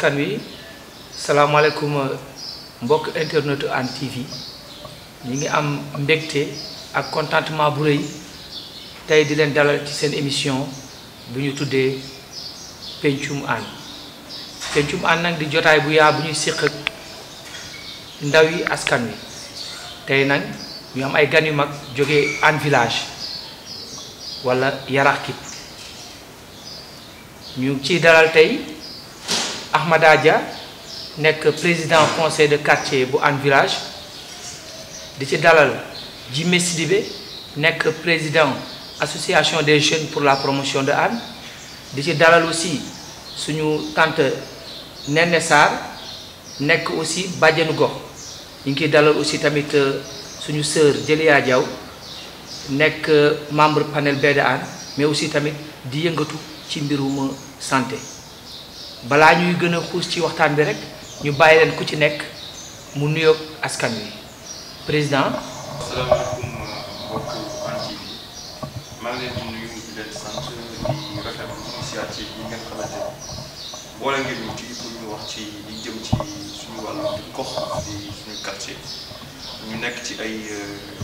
askan wi salaamaaleykum mbokk internetu Hann TV ñi ngi am mbégte ak contentement bu rëy tey di leen dalal ci seen émission bu ñu tuddee pencum Hann pencum Hann nag di jotaay bu yaa bu ñuy siq ak ndaw yi askan wi tey nag ñu am ay gan yu mag jógee Hann village wala Yarax ñu ciy dalal tey Ahmad Adja, président président conseil de quartier de Anne Village di ci dalal Jimé Sidibé président président association des jeunes pour la promotion de Anne. di dalal aussi suñu tante Nene Sar, nek aussi bàjjenu gox ñu ngi dalal aussi tamit euh, suñu sœur Jëliya Diaw nek euh, membre panel B de mais aussi tamit di yëngatu santé balaa ñuy gën a xuus ci waxtaan bi rek ñu bàyyi leen ku ci nekk mu nuyoog askan wi président. asalaamaaleykum mbokk maa ngi leen di nuyu di leen sant di rafetlu initiative yi ngeen xamante ni boole ngeen ñu ci pour ñu wax ci li jëm ci suñu wàllu gox di suñu quartier ñu nekk ci ay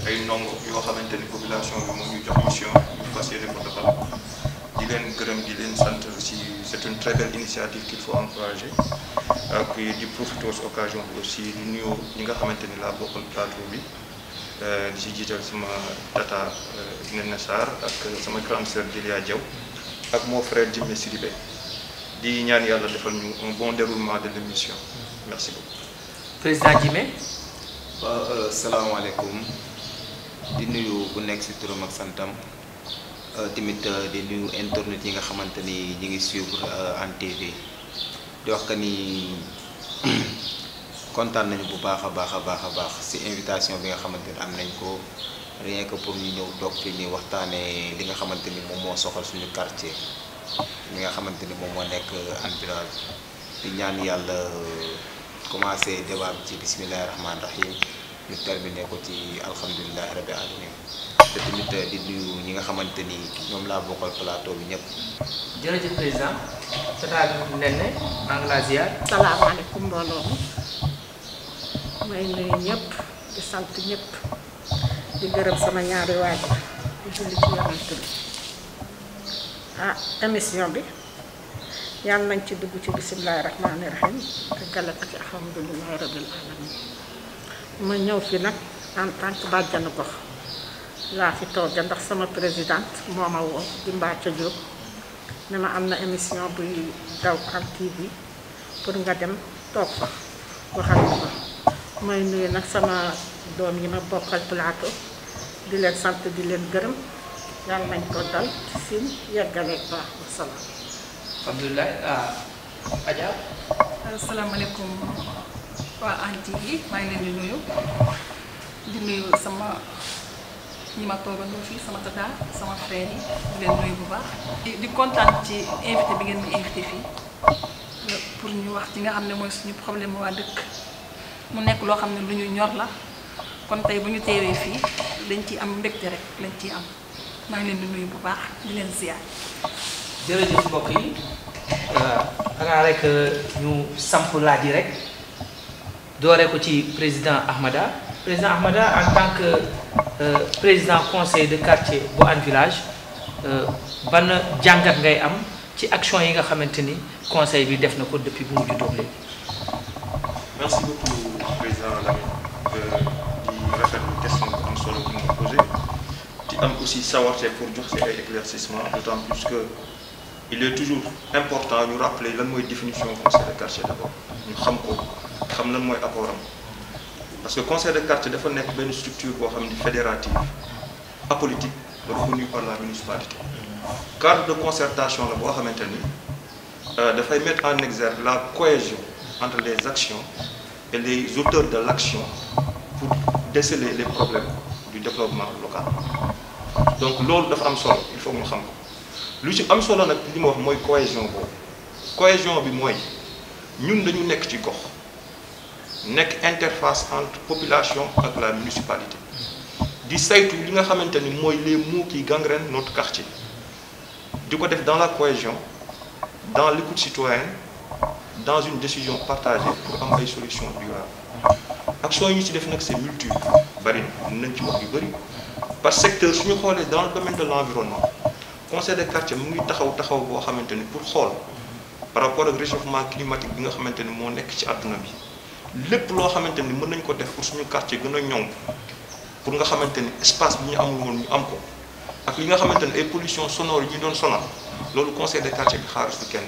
ay ndongo yoo xamante ni population bi moom ñu jox mission ñu fas yéene ko defal di leen gërëm di leen sant ci. c'est une très belle initiative qu'il faut encourager ak euh, du profiter si occasion aussi nous, nuyu ñi nga la ni laa la plateau bi euh, di si jiital sama tata euh, Nene Sarr ak sama grande sœur Delia Diaw ak mon frère Jimé Siribé. di ñaan yàlla un bon déroulement de l'émission merci beaucoup. président Jimé. Salam alaikum. di nuyu bu nekk si santam. Euh, tamit euh, di nuyu internet yi nga xamante ni ñu ngi suivre en euh, TV di wax que ni kontaan nañu bu baax a baax a baax a baax si invitation bi nga xamante ni am nañ ko rien que pour ñu ñëw toog fi ñu waxtaanee li nga xamante ni moom moo soxal suñu quartier li nga xamante ni moom moo nekk en di ñaan yàlla commencer débat bi ci bisimilah rahmaani rahim ñu terminé ko ci alhamdulilah rabi alamin te tamit di nuyu ñi nga xamanteni ñom la bokal plateau bi ñëpp. jërëjëf président tata Nene maa ngi laa ziar. salaamaaleykum mbooloo mi may nuyu ñep di sant ñep di gërëm sama ñaari waaj di julli ci yaram tu ah émission ya, bi yàlla nañ ci dugg ci bismillahir rahmanir rahim te galat ak alhamdulillahi rabbil alamin ma ñew fi nak en tant que bàjjanu ko la fi tooge ndax sama présidente moma wo di Mbacke Diop nema amna émission bu daw am TV pour nga dem tok fa waxal ma ko may nuyu nak sama dom yi ma bokal plateau di len sante di len gërem yal nañ ko dal ci sin yeggaleeg baax salam salaam a ah, Adja nuyu di nuyu sama ñi ma toogandoo fii sama tata sama frère yi di leen nuyu bu baax. di kontaan ci invité bi ngeen ma invité fii euh, pour ñu wax ci nga xam ne mooy suñu problème waa dëkk mu nekk loo xam ne lu ñu ñor la kon tey bu ñu teewee fii lañ ci am mbégte rek lañ ciy am maa ngi leen di nuyu bu baax di leen ziar. jërëjëf mbokk yi euh, xanaa rek euh, ñu samp laaj yi rek dooree ko ci président Ahmada président Ahmada en tant que. Euh, président conseil de quartier de Village euh, ban jangat ngay am ci action yi nga conseil bi depuis merci beaucoup président euh, aussi pour dire plus il est toujours important nous rappeler la définition définition conseil de quartier d'abord parce que le conseil de quartier est une ben structure bo, fédérative apolitique reconnue par la municipalité cadre de concertation la de euh, mettre en exergue la cohésion entre les actions et les auteurs de l'action pour déceler les problèmes du développement local donc ce dafa il faut que xam ko lu ci am solo cohésion la cohésion bi que ñun dañu nek interface entre population et la municipalité di saytu li nga xamanteni moy les mots qui gangrènent notre quartier Du ko def dans la cohésion dans l'écoute citoyenne dans une décision partagée pour avoir une solution durable. action yi ci def nak c'est multiple bari par secteur suñu xolé dans le domaine de l'environnement conseil de quartier mu ngi taxaw taxaw bo xamanteni pour par rapport au réchauffement climatique bi nga xamanteni mo nek ci àdduna bi lépp loo xamante ni mën nañ ko def pour suñu quartier gën a ñoŋ pour nga xamante ni espace bi ñu amul woon ñu am ko ak li nga xamante ni ay pollution sonore yi doon sonal loolu conseil de quartier bi xaaru su kenn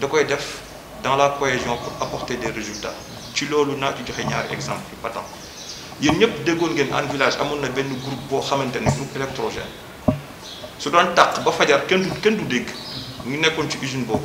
da koy def dans la cohésion pour apporter des résultats ci loolu naa ci joxe ñaari exemple yu patam yéen ñëpp déggoon ngeen en village amoon na benn groupe boo xamante ni groupe électrogène su doon tàq ba fajar kenn du kenn du dégg ñu nekkoon ci usine boobu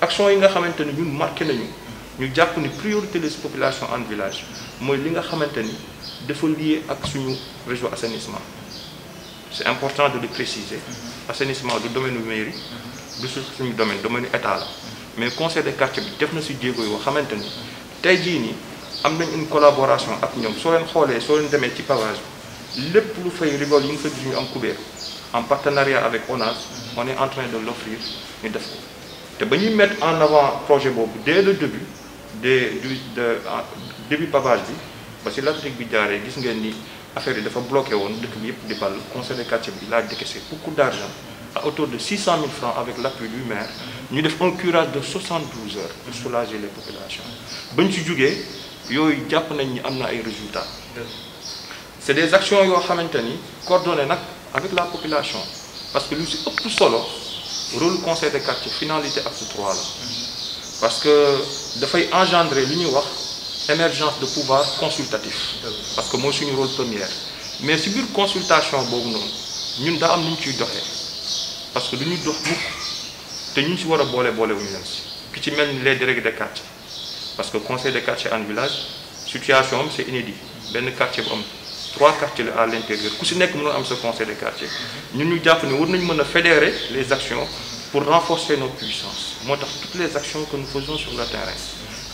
action yi nga xamanteni ni ñun marqué nañu ñu japp ni priorité les populations en village mooy li nga xamanteni ni dafa lié ak suñu réseau assainissement c'est important de le préciser assainissement du domaine bu mairie du suñu domaine domaine état la mais conseil de quartier bi def na si jéego yoo xamante ni tey jii nii am nañ une collaboration ak ñoom soo leen xoolee soo leen demee ci pavage bi lépp lu fay rigole yi nga fa gis ñu am couvert en partenariat avec ONAS on est en train de l'offrir ñu def ko et ba ñuy en avant projet dès le début des du de ah, début pavage bi que si l'Atlantique bi jaaree gis affaire yi bloqué le conseil de quartier bi a décaissé beaucoup d'argent Autour de 600 000 francs avec l'appui du maire Nous def un curage de 72 heures pour soulager les populations bañ ci jugee yooyu jàpp nañ ni am résultats C'est des actions qui ont coordonnées avec la population parce que nous sommes tous solo rôle conseil de quartier finalité acte 3 Là. parce que fait engendrer l'union émergence de pouvoir consultatif parce que suis suñu rôle première mais si biir consultation boobu noonu ñun daa am nu ciy parce que du ñu dox mukk te ñu si war a boole boole wuñu leen ki ci les délégués de quartier parce que conseil de quartier en village situation c'est inédit ben quartier bu am trois quartiers à l'intérieur Nous si nekk am conseil de quartier Nous ñu fédérer les actions pour renforcer nos puissances toutes les actions que nous faisons sur la terrain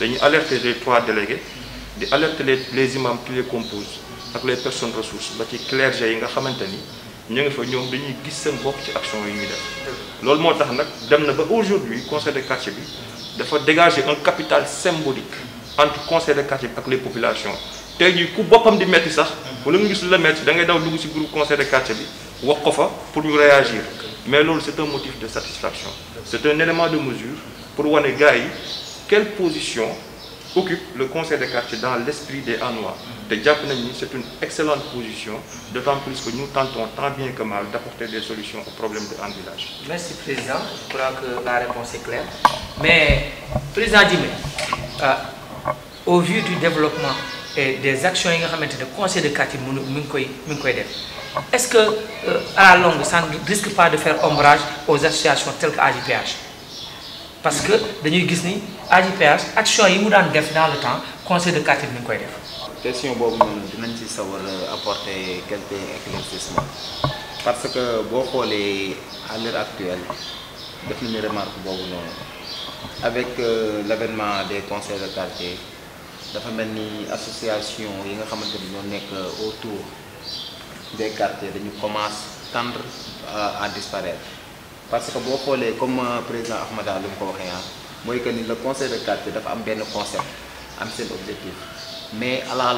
Nous alerter les trois délégués Nous alerter les les imams qui les composent les personnes ressources Les clergés, qui yi nga xamante ni ñu nous fa ñoom dañuy actions seen ci action yi conseil de quartier bi dégager un capital symbolique entre le conseil de quartier et les populations tey jii ku boppam di pour le gis de la métti da conseil de quartier bi pour réagir mais c'est un motif de satisfaction c'est un élément de mesure pour wane gars quelle position occupe le conseil de quartier dans l'esprit des Hanois des jàpp c'est une excellente position d'autant plus que nous tentons tant bien que mal d'apporter des solutions aux problèmes de Han Village. merci président je crois que la réponse est claire mais président Dimet. Euh, au vu du développement et des actions yi nga conseils conseil de quartier mu est-ce que euh, à la longue ça ne risque pas de faire ombrage aux associations telles que parce que dañuy avons ni AJPH action yi def dans le temps conseil de quartier mi La koy def. question bobu apporter quelques éclaircissements parce que à l'heure actuelle remarque avec euh, l'avènement des conseils de quartier. dafa mel ni association yi nga xamante ni ñoo nekk autour des quartiers dañu commence tendre euh, à disparaître parce que boo xoolee comme euh, président Ahmada lu mu ko waxee ah mooy que nii le conseil de quartier dafa am benn concept am seen objectif mais à la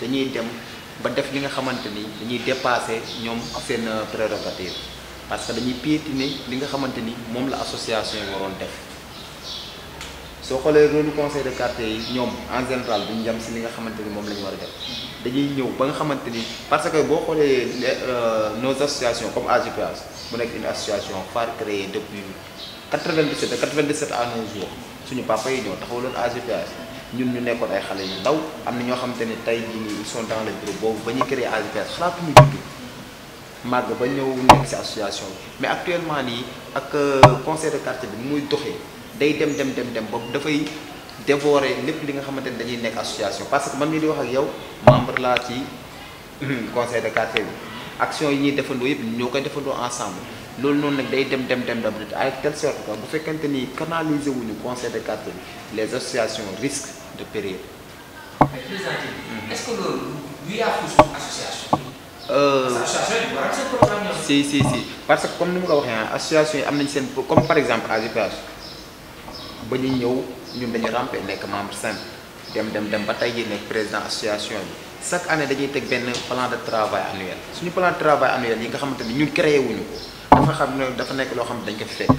dañuy dem ba def li nga xamante ni dañuy dépasser ñoom seen euh, prérogative parce que dañuy piétiner li nga xamante ni moom la association waroon def. so xolé rôle conseil de quartier ñom en général duñu yem ci li nga xamanteni mom lañu wara def dañuy ñëw ba nga xamanteni parce que boo xoolee euh, nos associations comme AGPAS mu nek une association phare créée depuis 97 97 à nos jours suñu papa yi ñoo taxawaloon AGPAS ñun ñu nekkoon ay xalé yu ndaw am na ñoo xamante ni ils sont dans le groupe, boobu ba ñu AGPAS AGPH xalaatuñu juddu mag ba ñëw nekk ci association mais actuellement ni ak euh, conseil de quartier bi muy doxee day dem dem dem dem da fay dévorer lepp li nga xamante dañuy nek association parce que man mii di wax ak yow membre laa ci conseil de quartier bi action yi ñuy defandoo yëpp ñoo koy defandoo ensemble loolu noonu nag day dem dem dem dem à telle sorte que bu fekkante ni canaliser wuñu conseil de quartier bi les associations risquent de périr. mais président mm-hmm. est-ce que loolu du yàqu association. Euh, association yi si si si parce que comme ni mu ko waxee ah, association yi am nañ seen comme par exemple AGPH ba ñuy ñëw ñun dañu rampé nek membre simple dem dem dem ba tay jii nekk président association bi chaque année dañuy teg ben plan de travail annuel suñu plan de travail annuel yi nga xamante ñun créé wuñu ko dafa xam ne dafa nek lo xam dañ ko fekk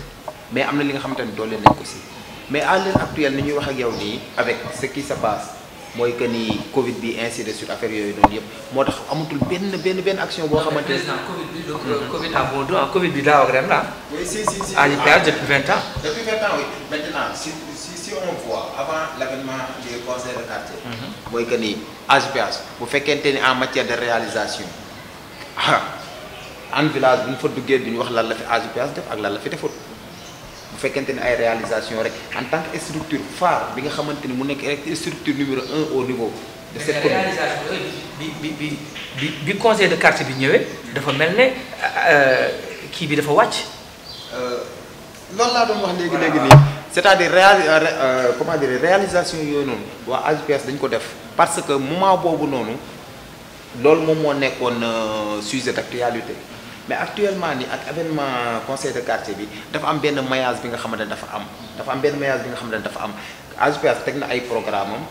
mais amna li nga xamante ni doole nañ ko si mais à l'heure actuelle ni ñuy wax ak yow nii avec ce qui se passe moy que ni Covid bi ainsi de suite affaire action Covid donc mm-hmm. Covid ah bon ah, Covid la. Ah. depuis 20 ans. depuis 20 ans oui maintenant si si on voit avant l'avènement des conseils de quartier. moy mm-hmm. que ni bu en matière de réalisation en village bu fa wax fi fait ne ay réalisation rek en tant que structure phare bi nga xamanteni mu nekk rek structure numéro 1 au niveau de cette commune bi bi bi bi conseil de quartier bi ñëwé dafa melné euh kii bi dafa wàcc euh, loolu laa doon wax léegi léegi c'est-à-dire euh, euh, comment dire réalisation yooyu non wa AJPS dañ ko def parce que moment bobu noonu lool mom mo nekkoon sujet d'actualité mais actuellement ni ak avènement conseil de quartier bi dafa am benn maillage bi nga xamante ne dafa am dafa am benn maillage bi nga xamante ne dafa am AGPS teg na ay programme am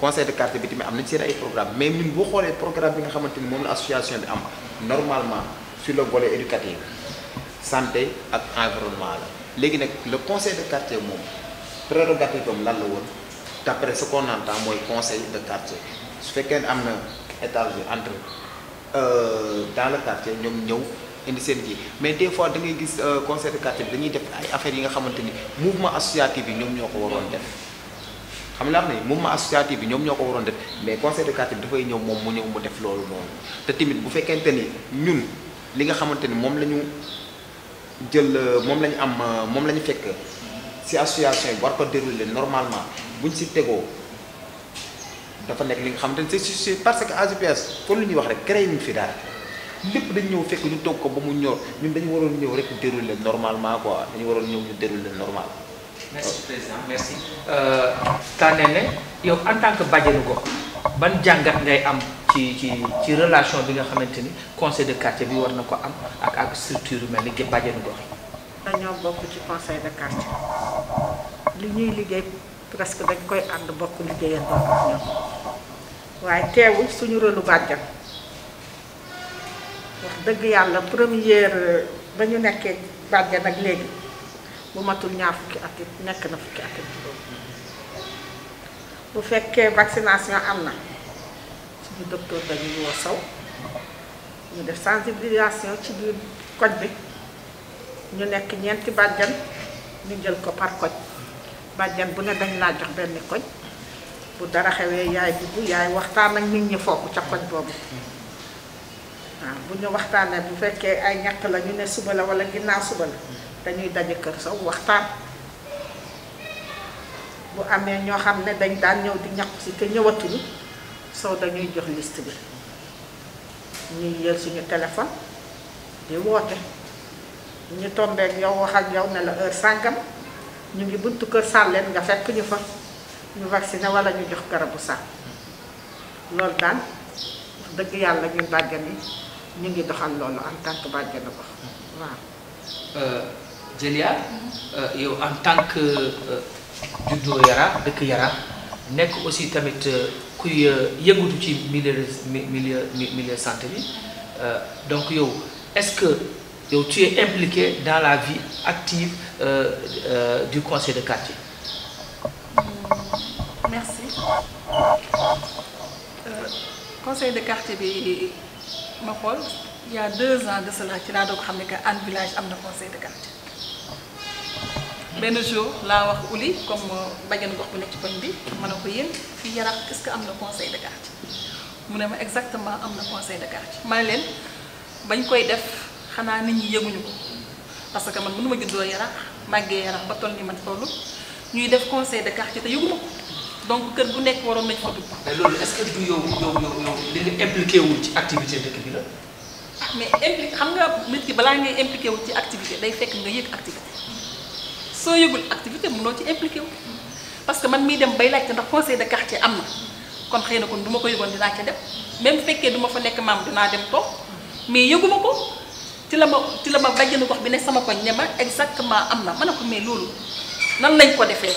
conseil de bi tamit am nañ seen ay programme mais ñun boo xoolee programme bi nga xamante ni moom la association bi am normalement sur le volet éducatif santé ak environnement la léegi nag le conseil de quartier moom prérogative am lan la woon d' après ce mooy conseil de quartier su fekkee ne am na étage entre euh, dans le quartier ñoom ñëw indi seen ji mais des fois da ngay gis euh, conseil de quartier dañuy def ay affaires yi nga xamante ni mouvement associatif yi ñoom ñoo ko waroon def xam la ne mouvement associatif bi ñoom ñoo ko waroon def mais conseil quartier dafay ñëw moom mu ñëw mu def loolu noonu te tamit bu fekkente ni ñun li nga xamante ni moom lañu jël euh, moom la am euh, moom lañu ñu fekk si association yi war ko dérouler normalement buñ si tegoo dafa nekk li nga xamante ni c'est parce que AGPS kon lu ñuy wax rek créé ñu fi daal lépp dañ ñëw fekk ñu togg ko ba mu ñor ñun dañu waroon ñëw rek déroulé normalement ko quoi dañu waroon ñëw ñu déroulé normal. merci président merci. Kane euh, ne yow en tant que bajenu gox ban jàngat ngay am ci ci ci relation bi nga xamante ni conseil de quartier bi war na ko am ak ak structure yu mel ni bajenu gox yi. dañoo bokk ci conseil de quartier li ñuy liggéey presque dañ koy ànd bokk liggéeyandoo ak ñoom waaye teewul suñu rôle lu wax dëgg yàlla première euh, ba ñu nekkee bàjjan ak léegi bu matul ñaar fukki at nekk na fukki at bu fekkee vaccination am na suñu docteur dañuy woo saw ñu def sensibilisation ci biir koñ bi ñu nekk ñeenti bàjjan ñu jël ko par koñ bàjjan bu ne dañ laa jox benn koñ bu dara xewee yaay dugg yaay waxtaan ak nit ñi foofu ca koñ boobu buñu ah, bu bu fekkee ay ñàkk la ñu ne suba la wala ginnaaw suba la dañuy daje kër sax waxtaan bu amé ño xamné dañ daan ñëw di ci té te ñu soo dañuy jox liste bi ñi yel suñu téléphone di woote ñu ak yow wax ak yow né la heure sangam ñu ngi buntu kër salen nga fekk ñu fa ñu vacciné wala ñu jox garabu sàll lool daan deug yalla ñu bàggan yi Nous ngi doxal loolu en tant que bàjjenu gox Djelia en tant que euh, juddoo Yara dëkk Yara nekk aussi tamit euh, kuy euh, yëngatu ci milieu milieu de santé donc est-ce que tu es impliqué dans la vie active du conseil de quartier. merci Le conseil de quartier bi. ma xool yaa y a deux ans de cela ci laa doog xam ne que Hann village am na conseil de quartier benn jour laa wax uli comme euh, bajan gox bu nekk ci koñ bi ma ne ko yéen fii Yarax est-ce que am na conseil de quartier mu ne ma exactement am na conseil de quartier man ne leen bañ koy def xanaa nit ñi yëguñu ko parce que man mënu ma juddoo Yarax màggee Yarax ba toll ni man toll ñuy def conseil de quartier te yëguma ko donc kër bu nekk waroon nañ fa mais loolu est-ce que du yow yow yow yow li wu ci activité bi la. Ah, mais xam nga nit ki balaa ngay impliqué wu ci activité day fekk nga yëg activité soo yëgul activité mënoo ci impliqué wu. parce que man miy dem bay laajte ndax conseil de quartier am na kon xëy na kon du ma ko yëgoon dinaa ca dem même fekkee du ma fa nekk maam dinaa dem toog mais yëguma ko ci la ma ci la ma bàjjenu gox bi ne sama koñ ne ma exactement am na ma ne ko mais loolu nan lañ ko defee.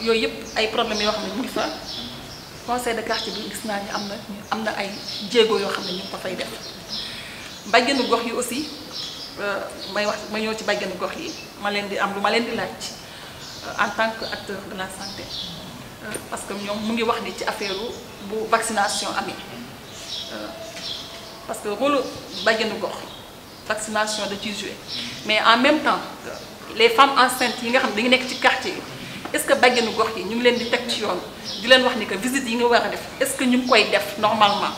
yooyu yëpp ay problèmes yoo xam ne ñu ngi fa conseil de quartier bi gis naa ni am na am na ay jéego yoo xam ne ñu ngi ko fay def gox yi aussi euh, may wax ma ñëw ci bàjjenu gox yi ma leen di am lu ma leen di laaj euh, en tant que acteur de la santé euh, parce que ñoom mu ngi wax ni ci affaire bu vaccination amee parce que rôle bàjjenu gox vaccination da ciy joué mais en même temps les femmes enceintes yi nga xam ne dañu nekk ci quartier yi est-ce que bàjjenu gox yi ñu ngi leen di teg ci yoon di leen wax ni que visite yi nga wara def est-ce que ñu ngi koy def normalement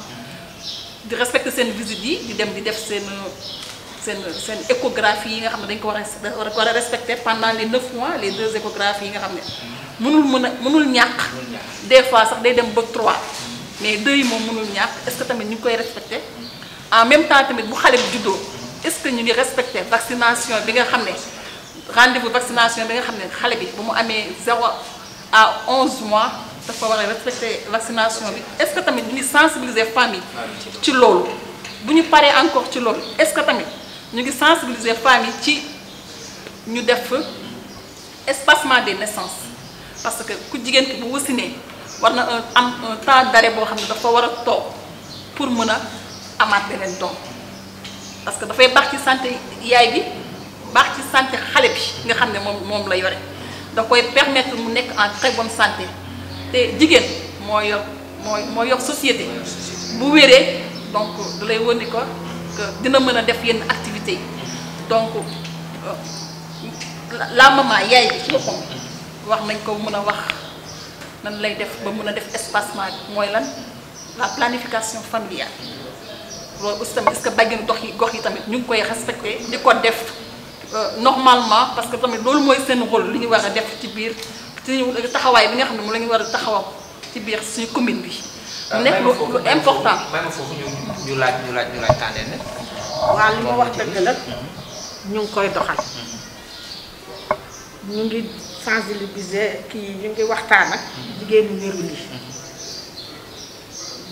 di respecter seen visite yi di dem di def seen seen seen échographie yi nga xam ne dañ ko war a war a respecter pendant les neuf mois les deux échographies yi nga xam ne mënul mën a mënul ñàkk des fois sax day dem ba trois mais deux yi moom mënul ñàkk est-ce que tamit ñu ngi koy respecter en même temps tamit bu xale bi juddoo est-ce que ñu ngi respecter vaccination bi nga xam ne rendez-vous vaccination bi nga xamné xalé bi bu mu amé 0 à 11 mois da fa wara respecter vaccination bi est-ce que tamit ñu sensibiliser famille ci loolu bu ñu paré encore ci loolu est-ce que tamit ñu ngi sensibiliser famille ci ñu def espacement des naissances parce que ku jigéen bu wasinee war na euh, am un temps d'arrêt bo xamné dafa wara a pour mëna a amaat beneen doom parce que fay bax ci santé yaay bi baax ci santé xale bi nga xamné mom mom moom la yore da koy permettre mu nek en très bonne santé té jigéen moy yor moy moo yor société bu wéré donc da lay wëndi ko que dina mëna def yenn activité donc euh, la maman yaay bi ci boppam wax nañ ko mëna wax nan lay def ba mëna def espacement moy lan la planification familiale loolu ustam tamit est-ce que bàjjenu dox yi gox yi tamit ñu koy respecter di ko def Euh, normalement parce que tamit loolu mooy seen rôle li ñu war a def ci biir ci taxawaay bi nga xam ne moom la ñu war a taxawam ci biir suñu commune bi. Euh, mu nekk lu important. même foofu ñu ñu laaj ñu laaj ñu laaj tànnee nag. waaw ma wax dëgg la ñu ngi koy doxal. ñu ngi sensibiliser kii ñu ngi waxtaan ak jigéenu wéru yi mhm.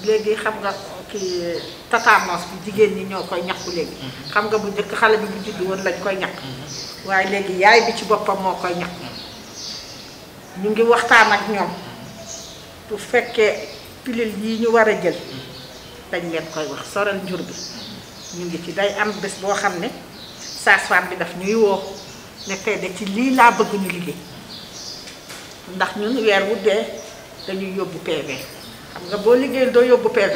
léegi xam kii tatanos bi jigéen ñi ñoo koy ñax ñàkku léegi mm-hmm. xam nga bu njëkk xale bi bu juddu woon lañ koy ñàkk mm-hmm. waaye léegi yaay bi ci boppam moo koy ñàkk mm-hmm. ñu ngi waxtaan ak ñoom bu fekkee pilil yi ñu war a jël dañ leen koy wax sorel njur bi ñu ngi ci day am bés boo xam ne sage bi daf ñuy woo ne tey ci lii laa bëgg ñu liggéey ndax ñun weer wu dee dañuy yóbbu PV xam nga boo liggéeyul doo yóbbu PV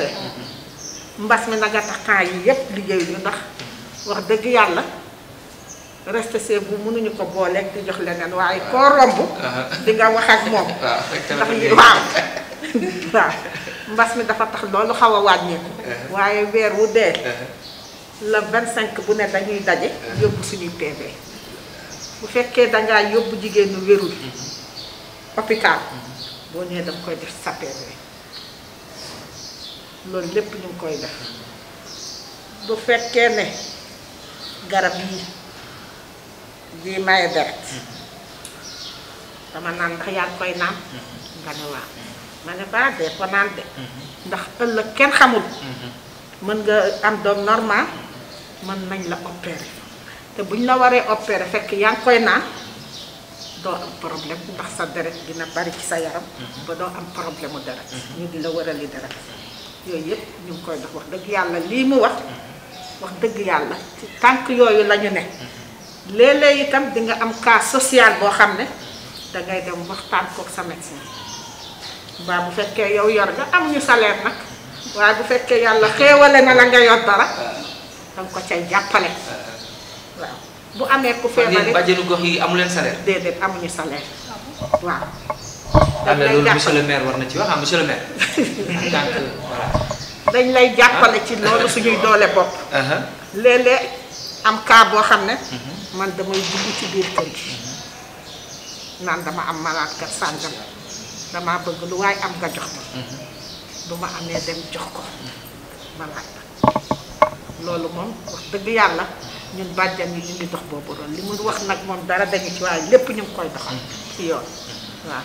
mbas mi nag a tax temps yi yépp liggéeyuñu ndax wax dëgg yàlla reste c'est bu mënuñu ko booleeg di jox leneen waaye koo romb di nga wax ak moom ndax yi waaw mbas mi dafa tax loolu xaw a wàññeeku uh-huh. waaye weer wu dee uh-huh. le 25 bu ne dañuy daje uh-huh. yóbbu suñuy PV bu fekkee dangaa yóbbu jigéenu wérul hôpital boo ñëwee dama koy def sa PV lool lepp ñu koy def bu fekke ne garab yi di maye dert dama nan ndax koy naan nga ne wa mané ba dé dee ko naan ndax ëllëg kenn xamul mën nga am doom normal mën nañ la opéré té buñ la waré opéré fekk yaa koy nan do am problème ndax sa dérèt dina bari ci sa yaram ba do am problème mu ñu di la wërali yooyu yëpp ñu ngi koy dox wax dëgg yàlla lii mu wax wax dëgg yàlla ci tànk yooyu la ñu ne léeg-léeg itam di nga am cas sociale boo xam ne dangay dem waxtaan kook sa médecin mbaa bu fekkee yow yor nga am ñu salaire nag waaye bu fekkee yàlla xéewale na la nga yor dara danga ko cay jàppale waaw bu amee ku feebaree bajenu gox yi amu leen salaire déedéet amuñu salaire waaw am na loolu monsieur war na ci wax ah monsieur dañ lay ah. jàppale ci loolu suñuy doole bopp. Uh-huh. léeg-léeg am cas boo xam ne. Uh-huh. man damay dugg ci biir kër gi. Uh-huh. naan dama am malade kat sàngam damaa bëgg lu waaye am nga jox ma. bu ma amee dem jox ko malade loolu moom wax dëgg yàlla ñun bàjjan yi ñu ngi dox boobu doon li mu wax nag moom dara dañu ci waaye lépp ñu ngi koy doxal yoon waaw.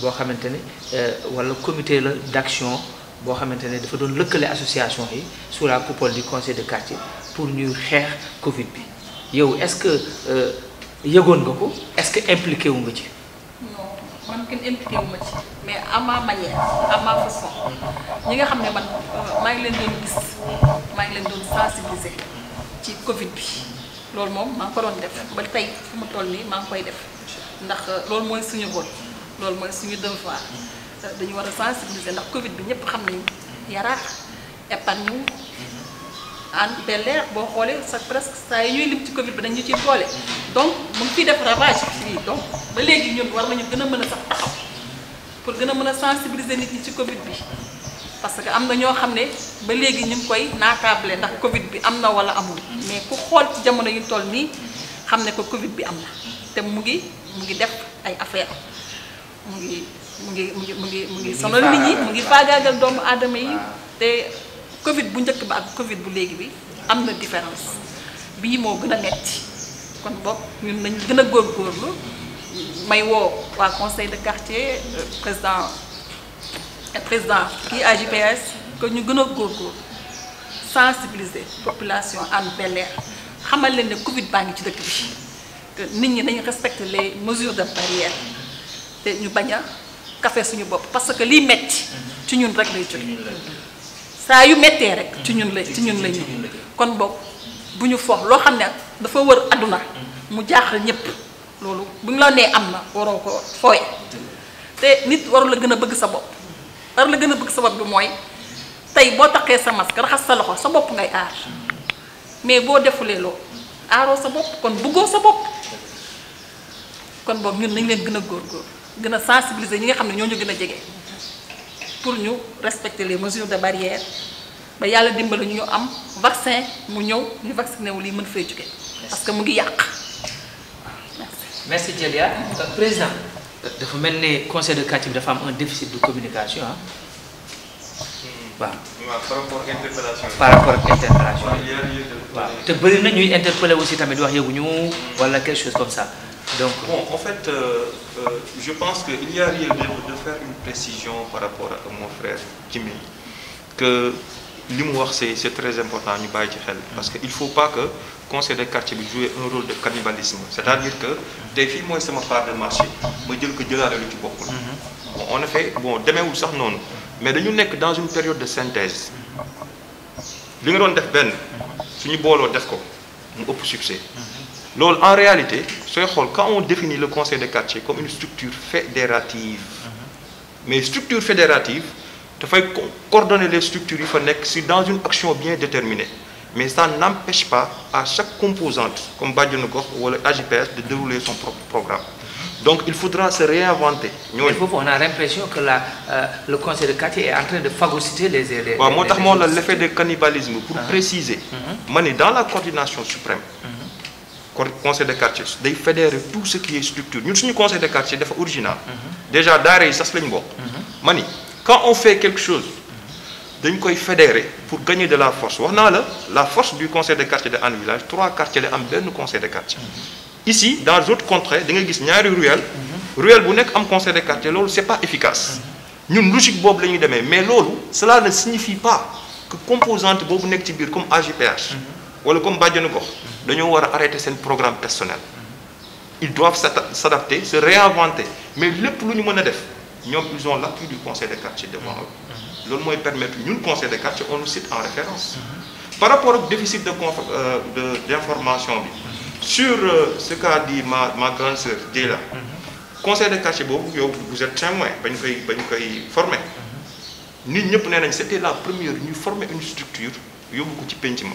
boo xamante ne euh, wala comité d'action bo xamantene dafa doon lëkkale association yi sous la coupole du conseil de quartier pour ñuy xeex Covid bi yow est-ce que euh, yëgoon nga ko est-ce que impliqué wu nga ci. non man kenn impliqué wu ma ci mais à ma manière à ma façon ñi nga xam ne man euh, maa ngi leen doon gis maa ngi leen doon sensibiliser ci Covid bi loolu moom maa ngi ko doon def ba tey fu ma toll nii maa ngi koy def ndax loolu mooy suñu bopp. loolu mooy suñu devoir dañu war a sensibiliser ndax Covid bi ñëpp xam nañu yaraax épargne en Bel Air boo xoolee sa presque saa yi ñuy lim ci Covid bi dañu ciy boole donc mu ngi fiy def ravage fii donc ba léegi war nañu gën a mën a sax pour gën a mën a sensibiliser nit ñi ci Covid bi parce que am na ñoo xam ne ba léegi ñu ngi koy naataable ndax Covid bi am na wala amul mais ku xool ci jamono yu toll nii xam ne ko Covid bi am na te mu ngi mu ngi def ay affaire mu ngi mu ngi mu ngi mu ngi mu ngi sonal nit ñi mu ngi faagaagal doomu aadama yi te Covid bu njëkk ba ak Covid bu léegi bi am na différence bii moo gën a metti kon boog ñun nañu gën a góor góorgóorlu may woo waa conseil de quartier euh, président président kii AJPS que ñu gën a góor góorgóorlu sensibiliser population Hann bel xamal leen ne Covid baa ngi ci dëkk bi que nit ñi nañu respecter les mesures de barrière té ñu baña café suñu bop parce que li metti ci ñun rek lay jóge sa yu metté rek ci ñun lay ci ñun lay ñu kon bok buñu ñu lo xamné dafa wër aduna mu jaaxal ñepp lolu buñ la né amna waro ko foy té nit waru la gëna bëgg sa bop waru la gëna bëgg sa bop bi moy tay bo taxé sa masque raxas sa loxo sa bop ngay aar mais bo defulé lo aro sa bop kon bëggo sa bop kon bok ñun nañ leen gëna gor gor gën a sensibiliser ñi nga xam ne ñoo ñu gën a jege pour ñu respecter les mesures de barrière ba yàlla dimbali ñu am vaccin mu ñëw ñu vacciné wu lii mën fa jóge parce que mu ngi yàq. merci euh, président dafa mel ne conseil de quartier bi am un déficit de communication ah. waaw par rapport ak interpellation waaw te bëri na ñuy interpeller aussi tamit wax yëguñu wala quelque chose comme ça. Donc, bon, en fait, euh, euh, je pense qu'il y a lieu de, de, faire une précision par rapport à mon frère Jimmy, que l'humour, c'est très important, parce qu'il ne faut pas que le conseil de quartier joue un rôle de cannibalisme. C'est-à-dire que des filles, moi, c'est ma part de marché, je dis que Dieu a beaucoup. Bon, en effet, bon, demain ou ça, non. Mais nous sommes dans une période de synthèse. Ce que nous c'est nous avons fait un succès en réalité quand on définit le conseil de quartier comme une structure fédérative mhm. mais structure fédérative il faut coordonner les structures il faut être dans une action bien déterminée mais ça n'empêche pas à chaque composante comme Badjounogor ou wala de dérouler son propre programme mhm. donc il faudra se réinventer. Il faut, on a l'impression que euh, le conseil de quartier est en train de phagocyter les éléments. notamment l'effet de cannibalisme pour mhm. préciser. ma dans la coordination suprême conseil de quartier de fédérer tout ce qui est structure Nous, suñu conseil de quartier dafa original déjà d'arrêt, ça sas lañ bokk Mani, quand on fait quelque chose dañ koy fédérer pour gagner de la force waxna la la force du conseil de quartier de Village trois quartiers am conseil de quartier ici dans d'autres contrées da y gis ñaari ruelle ruelle bu am conseil de quartier c'est pas efficace ñun logique bobu démé mais cela ne signifie pas que composante composantes nek ci comme AGPH ou comme bàjjenu gox nous a arrêter ce programme personnel ils doivent s'adapter se réinventer mais le plus nous mën def ils ont l'appui du conseil de quartiers devant eux nous permet, permettre le conseil de quartiers on nous cite en référence par rapport au déficit de euh, de d'information sur euh, ce qu'a dit ma ma grande sœur le conseil de quartiers vous êtes très moins ñu koy formé. Nous koy former c'était la première nous former une structure vous ko ci penc ma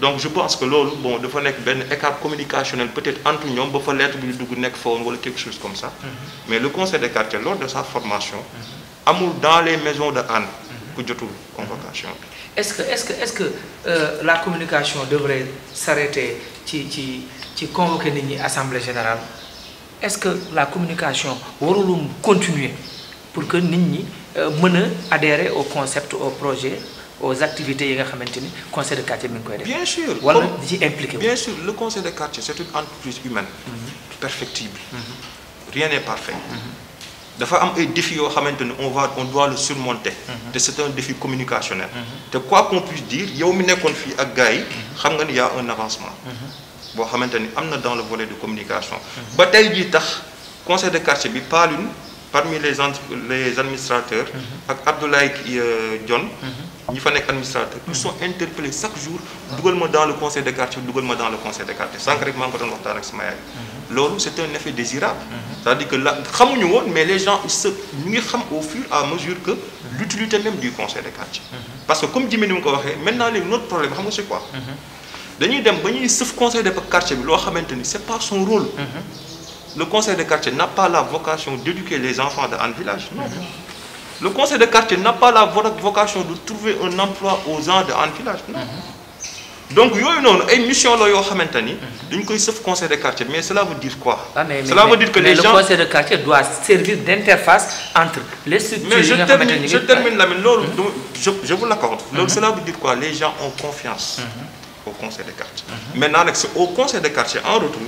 donc je pense que loolu bon dafa un écart communicationnel peut-être entre nous, ba fa lettre bi ñu dugg nek fa wala quelque chose comme ça mhm. mais le conseil des quartiers, lors de sa formation mhm. amul dans les maisons de Anne, mhm. ku jotul convocation est-ce que est-ce que est-ce que euh, la communication devrait s'arrêter ci ci ci convoquer nit ñi assemblée générale est-ce que la communication warulum continuer pour que nit ñi euh, adhérer au concept au projet aux activités yi nga le conseil de quartier bien sûr bien sûr le conseil de quartier c'est une entreprise humaine. Mm-hmm. perfectible. Mm-hmm. rien n'est parfait. Mm-hmm. dafa am ay défis yoo on va on doit le surmonter. c'est un défi communicationnel. De quoi qu'on puisse dire il y a fii ak y' a un avancement. boo xamante dans le volet de communication. ba du jii conseil de quartier parle parmi les les administrateurs. ak Abdoulaye euh, Dione. Il fa être administrateur ils sont interpellés chaque jour dans le conseil de quartier dugal dans le conseil de quartier Sans rek maa ngi ko doon waxtaan mhm. c'est un effet désirable mhm. c'est-à-dire que nous mais les gens ils se mettent au fur et à mesure que l'utilité même du conseil de quartier mhm. parce que comme dit maintenant, ko maintenant un notre problème comment c'est quoi dañuy dem conseil de quartier bi c'est pas son rôle le conseil de quartier n'a pas la vocation d'éduquer les enfants dans un Village le conseil de quartier n'a pas la vocation de trouver un emploi aux gens de en village. Non. Mhm. donc y a une mission la yoo xamante ni. de koy conseil de quartier mais cela veut dire quoi. Ah, cela veut dire que les gens le conseil de quartier doit servir d'interface entre les structures mais je termine je termine mhm. je je vous l'accorde. Donc mhm. cela veut dire quoi les gens ont confiance. au conseil de quartier. maintenant c'est au conseil de quartier en retour.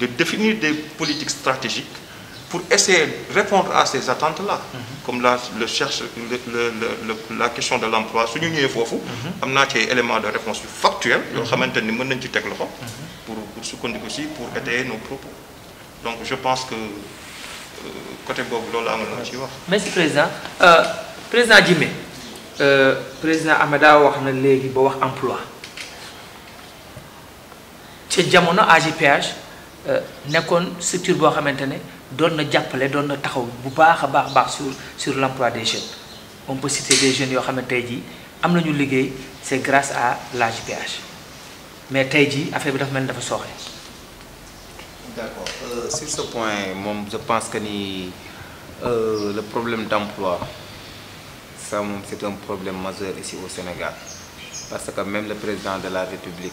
de définir des politiques stratégiques pour essayer de répondre à ces attentes-là, comme la, le cherche, le, la question de l'emploi, si nous sommes fous, nous avons des éléments de réponse factuels, nous avons des éléments pour, pour ce qu'on aussi, pour étayer nos propos. Donc je pense que euh, côté Bob, là, on tu vois. Merci Président. Euh, président Djimé, euh, Président Amada a dit emploi. C'est Diamono AGPH, euh, une structure qui doon na jàppale taxaw bu baakha baakh baakh sur sur l'emploi des jeunes on peut citer des jeunes yo xamné ne tey jii am liggéey c'est grâce à l'AJPH mais tey jii affaire bi dafa mel dafa soxé d'accord. euh, sur ce point mom je pense que ni euh, le problème d'emploi, ça moom un problème majeur ici au Sénégal parce que même le président de la République.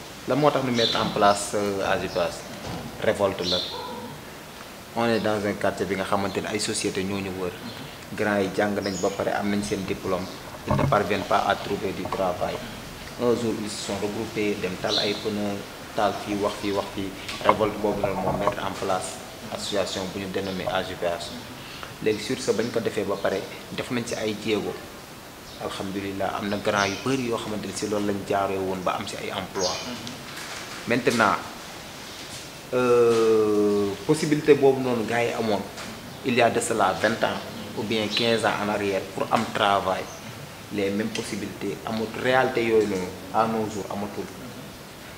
la moitié nous met en place euh, AGEPAS révolte la on est dans un quartier qui a été ne société ñoo grand yi ont nañ diplôme ils ne parviennent pas à trouver du travail un jour ils se sont regroupés dem tal ay pneu ils fii wax des wax révolte mettre en place association bu ñu dénommé AGEPAS Les sur ce ko ba ont def nañ alhamdulilah am na grand yu bëri yoo xamante ne si loolu lañ jaaree woon ba am si ay emploi maintenant euh, possibilité boobu noonu gars yi amoon il y a de vingt ans ou bien quinze ans en arrière pour am travail les mêmes possibilité amut réalité yooyu noonu à nos jours amatul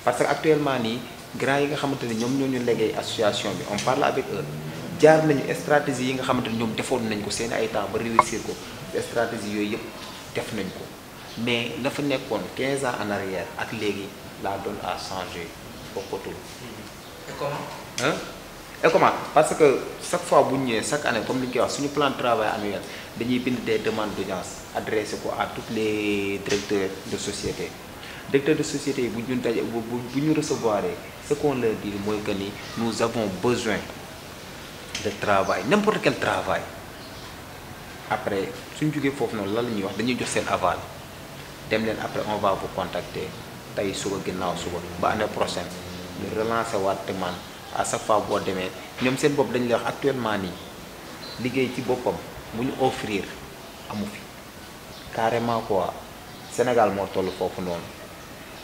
parce que actuellement nii grand yi nga xamante ne ñoom ñoo ñu léggéey association bi on parle avec eux jaar nañu stratégie yi nga xamante ne ñoom defoon nañ ko seen ay temps ba réussir ko stratégie yooyu yëpp mais la fa 15 ans en arrière ak la donne a changé bokkatul. et comment. hein et comment parce que chaque fois que chaque année comme li ñu plan de travail annuel dañuy bind des demandes d'audience adressé à tous les directeurs de société. Directeurs de société vous bu ñu recevoir ce qu'on leur dit que ni nous avons besoin de travail n'importe quel travail après si vous avez faire, aval dem après on va vous contacter tey suba suba ba année prochaine relancer vous demande à chaque fois vous vous Nous sommes lay actuellement Nous sommes offrir fi carrément quoi Sénégal est toll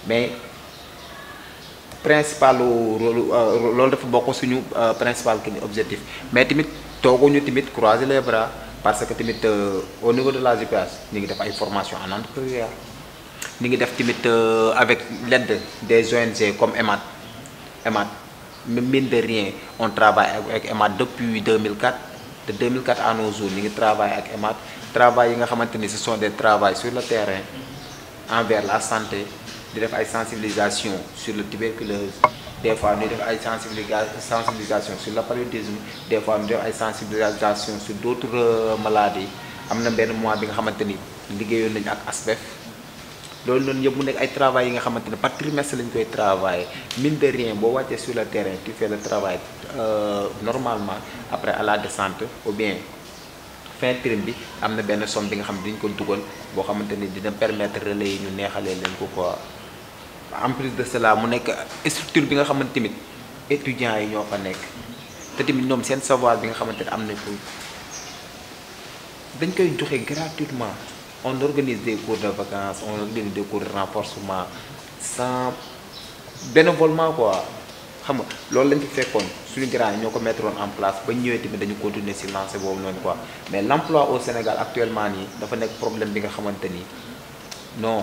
mais principal rôle euh, euh, principal objectif mais tamit croiser les bras parce que euh, au niveau de la GPS, nous avons une formation en entrepreneuriat Nous avons def formation euh, avec l'aide des ONG comme EMAD EMAD mine de rien on travaille avec EMAD depuis 2004 de 2004 à nos jours nous travaillons avec EMAT. EMAD travail ce sont des travaux sur le terrain envers la santé di def une sensibilisation sur le tuberculose des fois ñuy des ay sensibilisation sur la paludisme des fois nous def ay sensibilisation sur d'autres euh, maladies am na benn mois bi nga xamante ni liggéeyoon nañu ak ASBEF loolu noonu yëpp mu nekk ay travail yi nga xamante par trimestre lañ koy travailler mine de rien boo wàccee sur le terrain tu fais le travail euh, normalement après à la descente ou bien fin trim bi am na somme bi nga xam ne dañ ko dugal bo xamanteni ni dina permettre relais ñu neexalee leen ko quoi. en plus de cela mu nekk structure bi nga xamante tamit étudiants yi ñoo fa nekk te tamit ñoom seen savoir bi nga xamante ne am nañ ko dañ koy joxe gratuitement on organise des cours de vacances on organise des cours de renforcement sans bénévolement quoi xam nga loolu lañ fekkoon suñu grand ñoo ko mettre en place ba ñëwee tamit dañu continuer si lancé boobu noonu quoi mais l' emploi au Sénégal actuellement nii dafa nekk problème bi nga xamante ni non.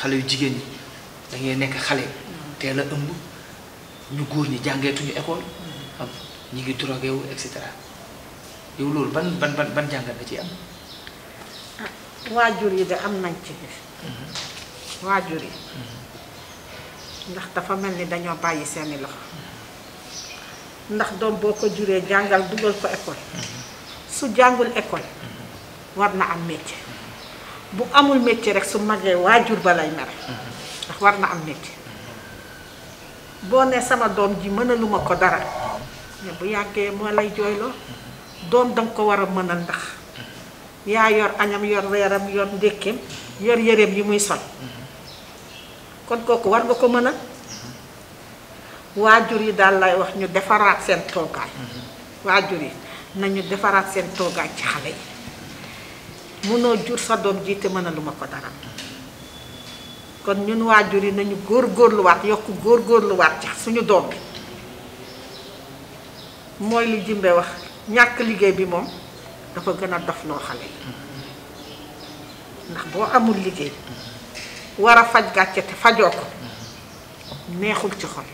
xalé yu jigen ñi da ngay nek xalé té la ëmb ñu goor ñi tuñu école xam ñi ngi drogué wu et cetera yow lool ban ban ban ban jàngat da ci am ah, wajur yi de am nañ ci def mhm. wajur yi mhm. ndax dafa mel ni dañoo bàyyi seeni loxo ndax doom boko juré juree jàngal dugal ko école mhm. su jàngul école warna am métier bu amul métier rek su magee wajur balay mer ndax war na am métier bo ne sama dom ji mënaluma ko dara ne bu yàggee mo lay joylo dom dang ko wara a ndax ya yor anyam yor reeram yor ndekem yor yëreem yi muy sol kon koku war nga ko mënal wajur yi dal lay wax ñu defaraat sen toogaay wajur yi nañu defaraat sen toogaay ci xalé yi mënoo jur sa doom ji te ma ko dara kon ñun waajur yi nañu góor góorluwaat yokk góor góorluwaat ci suñu doom bi mooy li jimbe wax ñàkk liggéey bi moom dafa gën a dof loo xale ndax boo amul liggéey war a faj gàcce te fajoo ko neexul ci xol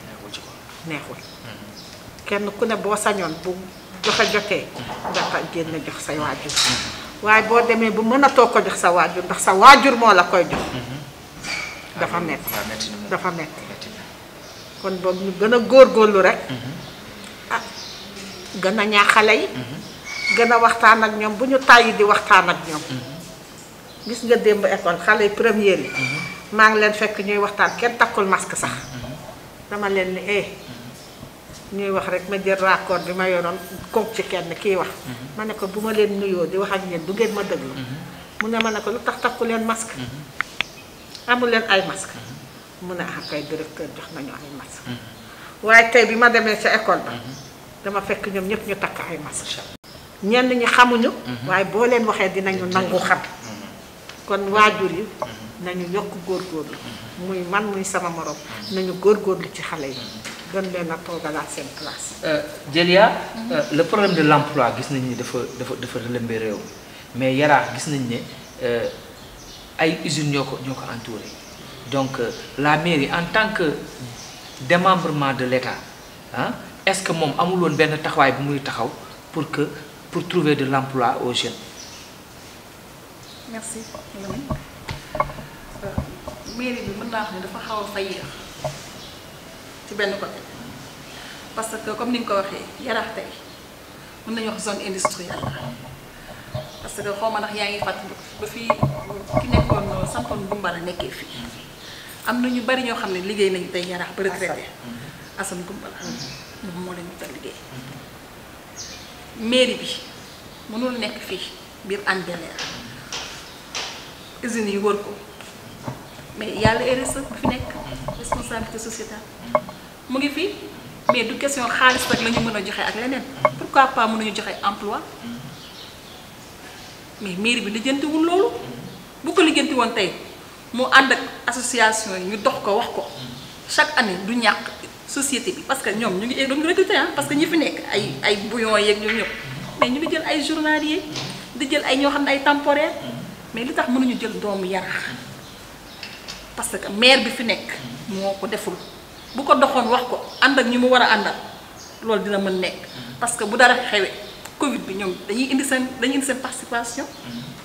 neexul mm-hmm. kenn ku ne boo sañoon bu joxe jotee nga génn jox say waajur waaye boo demee bu mën a toog ko jox sa waajur ndax sa waajur moo la koy jox. Mhm. dafa metti dafa metti kon boog ñu gën a góor góorlu rek. Mhm. ah gën a ñaax xale yi. Mhm. gën a waxtaan ak ñoom bu ñu tàyyi di waxtaan ak ñoom. gis nga démb école xale yi premier yi. maa ngi leen fekk ñuy waxtaan kenn takkul masque sax. dama leen ni eh. ñuy wax rek ma jël raccord bi ma yonoon kook ci kenn kiy wax mhm. ma ne ko bu ma leen nuyoo di wax ak yéen du ngeen ma déglu mhm. mu ne ma ne ko lu tax takku leen masque mhm. amu leen ay masque mu ne ah kay directeur jox nañu ay masque waaye tey bi ma demee ca école ba dama fekk ñoom ñëpp ñu takk ay masque ñenn ñi xamuñu waaye boo leen waxee dinañu nangu xam kon waajur yi nañu yokk góorlu muy man muy sama morom nañu góor góorgóorlu ci xale yi gën euh, euh, le problème de l'emploi nous mais il euh, y usines donc la mairie en tant que démembrement de l'État, hein, est ce que mon pour que pour trouver de l'emploi aux jeunes. merci. mairie ci benn côté parce que comme ni nga ko waxee yaraax tey mën nañu wax zone industrielle la parce que xaw ma ndax yaa ngi fàttali ba fii ki nekkoon sampoon Gumbala nekkee fii am na ñu bari ñoo xam ne liggéey nañu tey yaraax ba retraité Assane Gumbala moom moo leen wutal liggéey mairie bi mënul nekk fii biir Hann Bel-Air yi wër ko mais yàlla RSE e bu fi nekk responsabilité sociétale mu ngi fii mais du question xaalis rek la mën a joxe ak leneen pourquoi pas mënuñu joxe emploi mais mairie bi lijjantiwul loolu bu ko lijjanti woon tey moo ànd ak association yi ñu dox ko wax ko chaque année du ñàq société bi parce que ñoom ñu ngi doon recruter ah parce que ñu fi nekk ay ay bouillon yeeg ñoom ñëpp mais ñu ngi jël ay yi di jël ay ñoo xam ne ay temporaire mais li tax mënuñu jël doomu yarax parce que maire bi fi nekk moo ko deful bu ko doxoon wax ko ànd ak ñi mu war a àndal loolu dina mën nekk parce que bu dara xewee Covid bi ñoom dañuy indi seen dañuy indi seen participation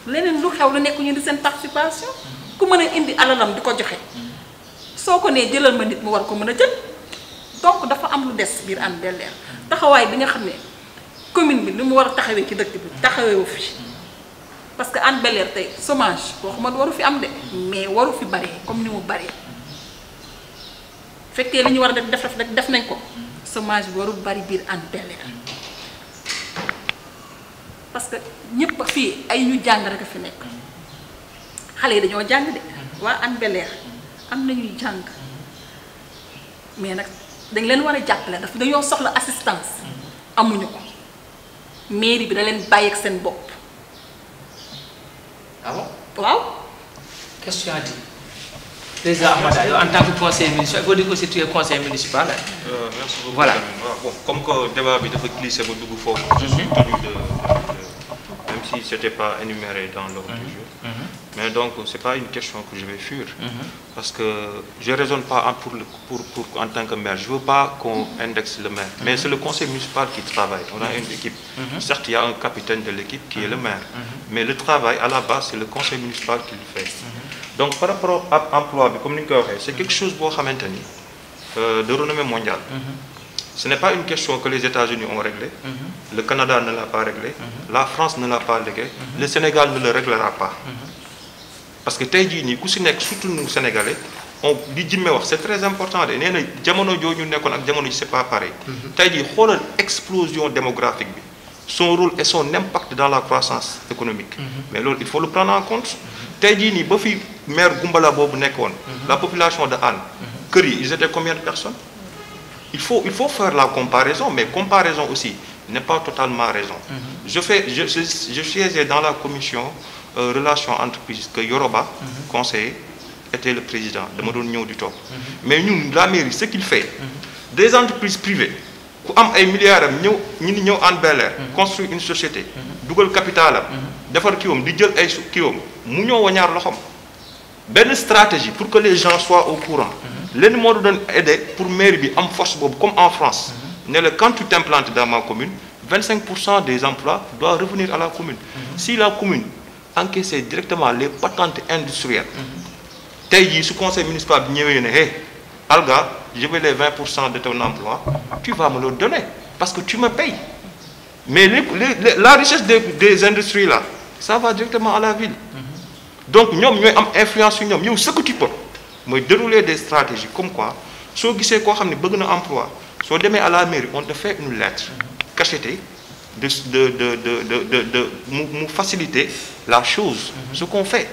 leneen lu xew lu nekk ñu indi seen participation ku mën a indi alalam di ko joxe soo ko nee jëlal ma nit mu war ko mën a jël donc dafa am lu des biir Hann bel taxawaay bi nga xam ne commune bi li mu war a taxawee ci dëkk bi taxaweewu fii parce que Hann Bel-Air tey chômage waxuma waru fi am de mais waru fi bare comme ni mu bare fekkee li ñu war a def def def nañ ko chômage bi warul bari biir ànd benn parce que ñëpp fii ay ñu jàng rek a fi nekk xale yi dañoo jàng de waa an beleer am na ñuy jàng mais nag dañ leen war a jàppale daf dañoo soxla assistance amuñu ko mairie bi da leen bàyyi ak seen bopp. Ah waaw. quest en tant que conseiller municipal, vous dites que c'est le conseil municipal. Euh, merci beaucoup. Voilà. Ah, bon, comme le débat est fort, mhm. je suis tenu de, même si ce n'était pas énuméré dans l'ordre du mhm. jour. Mhm. Mais donc, ce n'est pas une question que je vais fuir, parce que je ne raisonne pas pour, pour, en tant que maire. Je ne veux pas qu'on indexe le maire, mais c'est le conseil municipal qui travaille. On a une équipe. Certes, il y a un capitaine de l'équipe qui est le maire, mais le travail, à la base, c'est le conseil municipal qui le fait donc par rapport à l'emploi, c'est comme nous quelque chose boo xamante maintenir, euh, de renommée mondiale. Mm-hmm. ce n'est pas une question que les États-Unis ont réglée. Mm-hmm. le Canada ne l'a pas réglée. Mm-hmm. la France ne l'a pas réglée. le Sénégal ne le réglera pas. parce que tey jii nii Sénégalais c'est très important cest jamono pas pareil. tey explosion démographique son rôle et son impact dans la croissance économique. mais il faut le prendre en compte. T'as dit maire Goumbala mhm. la population de Anne, mhm. ils étaient combien de personnes. il faut il faut faire la comparaison mais comparaison aussi n'est pas totalement raison. Mhm. je fais je dans la commission euh, relation entreprise que Yoroba. conseiller était le président de doon mais nous, la mairie ce qu'il fait. des entreprises privées. ku am ay milliards am une société. Google capital de kiwam di jël ay stratégie pour que les gens soient au courant mhm. les qui aider pour mairie en force comme en France mhm. quand tu t'implantes dans ma commune 25 des emplois doivent revenir à la commune mhm. si la commune encaissait directement les patentes industrielles as dit su conseil municipal Alga je veux les 20 de ton emploi tu vas me le donner parce que tu me payes mais la richesse des industries là ça va directement à la ville. donc nous, avons am influence sur ce que tu peux avons dérouler des stratégies comme quoi tu sais quoi, si tu as un emploi tu es à la mairie on te fait une lettre cachetée de faciliter la chose ce qu'on fait.